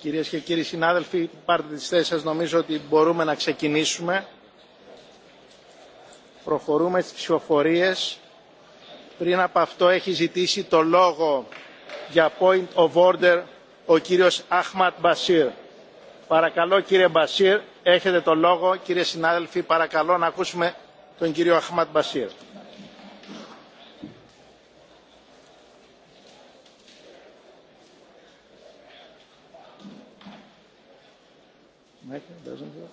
Κυρίες και κύριοι συνάδελφοι, πάρτε τις θέσεις σας. Νομίζω ότι μπορούμε να ξεκινήσουμε. Προχωρούμε στις ψηφοφορίες. Πριν από αυτό έχει ζητήσει το λόγο για point of order ο κύριος Αχματ Μπασίρ. Παρακαλώ κύριε Μπασίρ, έχετε το λόγο. Κύριε συνάδελφοι, παρακαλώ να ακούσουμε τον κύριο Αχματ Μπασίρ. doesn't work.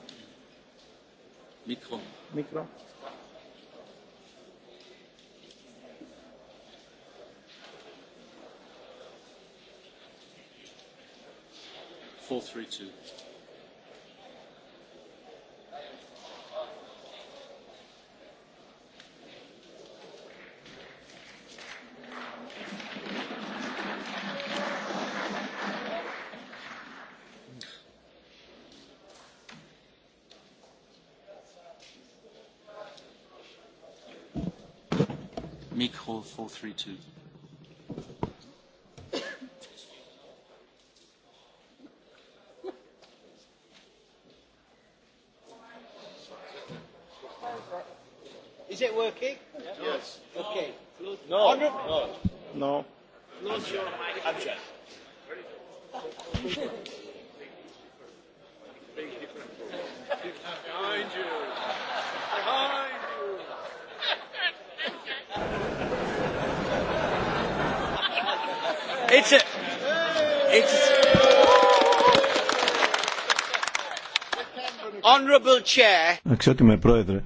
Micro. Micro. Four, three, two. Micro 432. Is it working? Yes. Okay. No. No. No. Close your mic. Abject. It's a, it's honorable chair. Αξιότιμε πρόεδρε.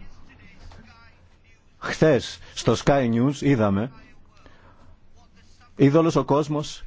Χθες στο Sky News είδαμε είδε όλος ο κόσμος